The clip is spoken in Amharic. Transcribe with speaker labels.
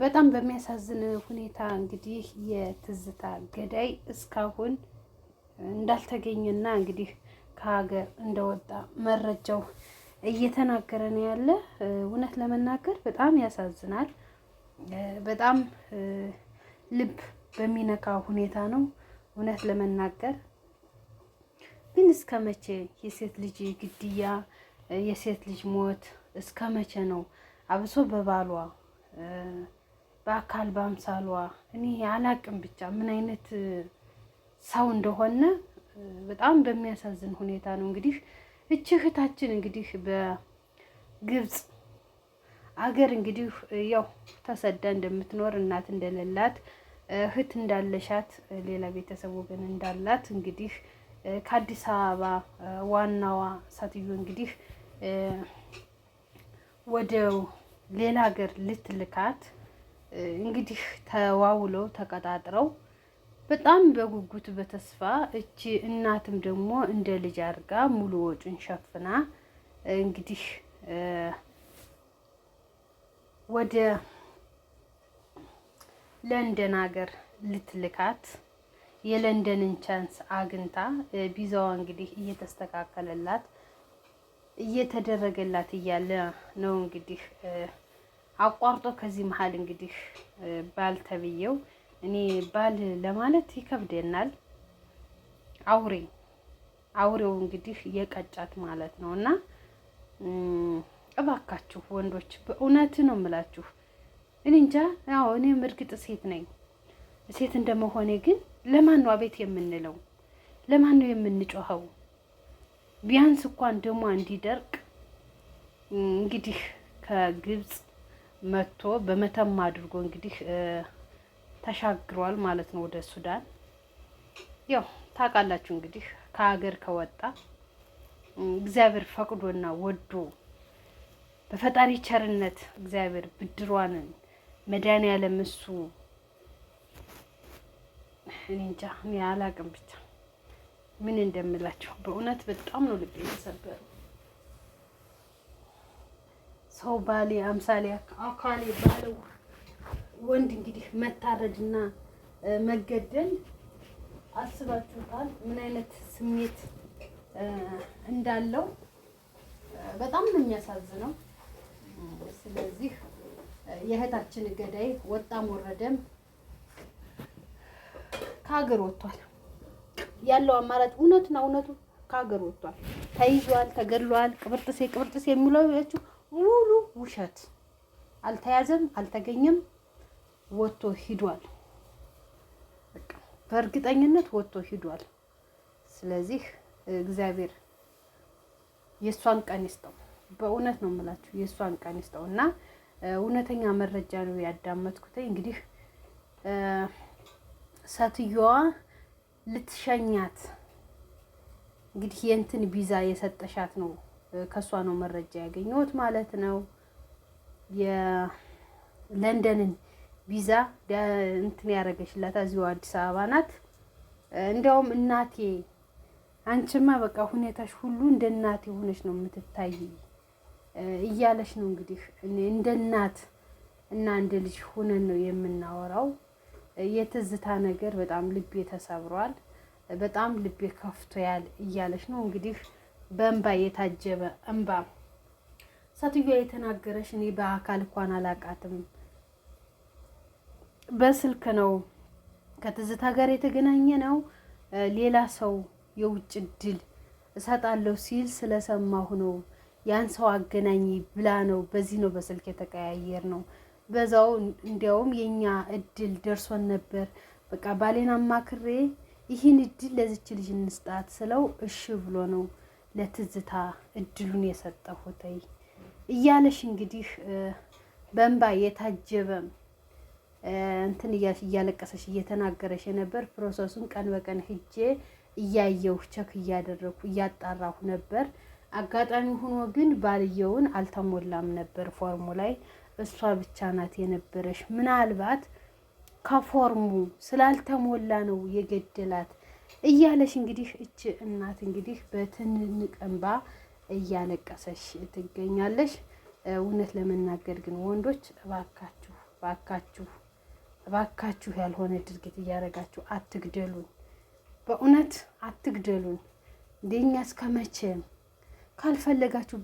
Speaker 1: በጣም በሚያሳዝን ሁኔታ እንግዲህ የትዝታ ገዳይ እስካሁን እንዳልተገኘና እንግዲህ ከሀገር እንደወጣ መረጃው እየተናገረ ነው ያለ። እውነት ለመናገር በጣም ያሳዝናል። በጣም ልብ በሚነካ ሁኔታ ነው እውነት ለመናገር ግን እስከ መቼ የሴት ልጅ ግድያ፣ የሴት ልጅ ሞት እስከ መቼ ነው? አብሶ በባሏ በአካል በአምሳሏ እኔ አላቅም ብቻ ምን አይነት ሰው እንደሆነ በጣም በሚያሳዝን ሁኔታ ነው እንግዲህ እች እህታችን እንግዲህ በግብፅ አገር እንግዲህ ያው ተሰዳ እንደምትኖር እናት እንደሌላት እህት እንዳለሻት ሌላ ቤተሰብ ወገን እንዳላት እንግዲህ ከአዲስ አበባ ዋናዋ ሴትዮ እንግዲህ ወደ ሌላ ሀገር ልትልካት እንግዲህ ተዋውለው ተቀጣጥረው በጣም በጉጉት በተስፋ እቺ እናትም ደግሞ እንደ ልጅ አድርጋ ሙሉ ወጪን ሸፍና እንግዲህ ወደ ለንደን ሀገር ልትልካት የለንደንን ቻንስ አግኝታ ቢዛዋ እንግዲህ እየተስተካከለላት እየተደረገላት እያለ ነው እንግዲህ አቋርጦ ከዚህ መሀል እንግዲህ ባል ተብዬው እኔ ባል ለማለት ይከብደናል። አውሬ አውሬው እንግዲህ የቀጫት ማለት ነው። እና እባካችሁ ወንዶች በእውነት ነው የምላችሁ። እኔ እንጃ። ያው እኔም እርግጥ ሴት ነኝ። ሴት እንደመሆኔ ግን ለማን ነው አቤት የምንለው? ለማን ነው የምንጮኸው? ቢያንስ እንኳን ደሞ እንዲደርቅ እንግዲህ ከግብጽ መጥቶ በመተማ አድርጎ እንግዲህ ተሻግሯል ማለት ነው ወደ ሱዳን። ያው ታውቃላችሁ እንግዲህ ከሀገር ከወጣ እግዚአብሔር ፈቅዶና ወዶ በፈጣሪ ቸርነት እግዚአብሔር ብድሯንን መዳን እሱ እኔ እንጃ እኔ አላቅም ብቻ ምን እንደምላቸው በእውነት በጣም ነው ልብ የተሰበረው። ሰው ባሌ አምሳሌ አካሌ ባለው ወንድ እንግዲህ መታረድና መገደል አስባችሁታል ምን አይነት ስሜት እንዳለው በጣም ነው የሚያሳዝነው። ስለዚህ የእህታችን ገዳይ ወጣም ወረደም ከሀገር ወጥቷል። ያለው አማራጭ እውነት ነው። እውነቱ ከሀገር ወጥቷል፣ ተይዟል፣ ተገድሏል። ቅብርጥሴ ቅብርጥሴ የሚለው ያችሁ ሙሉ ውሸት፣ አልተያዘም፣ አልተገኘም፣ ወጥቶ ሂዷል። በእርግጠኝነት ወጥቶ ሂዷል። ስለዚህ እግዚአብሔር የእሷን ቀን ይስጠው። በእውነት ነው የምላችሁ የእሷን ቀን ይስጠው እና እውነተኛ መረጃ ነው ያዳመጥኩት። እንግዲህ ሴትየዋ ልትሸኛት እንግዲህ የእንትን ቢዛ የሰጠሻት ነው ከእሷ ነው መረጃ ያገኘሁት ማለት ነው። የለንደንን ቢዛ እንትን ያደረገችላት እዚሁ አዲስ አበባ ናት። እንዲያውም እናቴ አንቺማ በቃ ሁኔታሽ ሁሉ እንደ እናቴ ሆነች ነው የምትታይ እያለች ነው እንግዲህ እንደ እናት እና እንደ ልጅ ሆነን ነው የምናወራው። የትዝታ ነገር በጣም ልቤ ተሰብሯል፣ በጣም ልቤ ከፍቶያል እያለች ነው እንግዲህ በእንባ የታጀበ እንባ ሴትዮዋ የተናገረች እኔ በአካል እንኳን አላቃትም በስልክ ነው ከትዝታ ጋር የተገናኘ ነው። ሌላ ሰው የውጭ እድል እሰጣለሁ ሲል ስለሰማሁ ነው ያን ሰው አገናኝ ብላ ነው። በዚህ ነው በስልክ የተቀያየር ነው። በዛው እንዲያውም የኛ እድል ደርሶን ነበር። በቃ ባሌን አማክሬ ይህን እድል ለዚች ልጅ እንስጣት ስለው እሺ ብሎ ነው ለትዝታ እድሉን የሰጠሁት እያለሽ እንግዲህ በእንባ የታጀበ እንትን እያለቀሰሽ እየተናገረሽ የነበር ፕሮሰሱን ቀን በቀን ሂጄ እያየሁ ቸክ እያደረግኩ እያጣራሁ ነበር። አጋጣሚ ሆኖ ግን ባልየውን አልተሞላም ነበር ፎርሙ ላይ እሷ ብቻ ናት የነበረሽ። ምናልባት ከፎርሙ ስላልተሞላ ነው የገደላት እያለሽ እንግዲህ እች እናት እንግዲህ በትንንቅ እንባ እያለቀሰሽ ትገኛለሽ። እውነት ለመናገር ግን ወንዶች እባካችሁ እባካችሁ እባካችሁ ያልሆነ ድርጊት እያደረጋችሁ አትግደሉን፣ በእውነት አትግደሉን። እንደኛ እስከ መቼ ካልፈለጋችሁ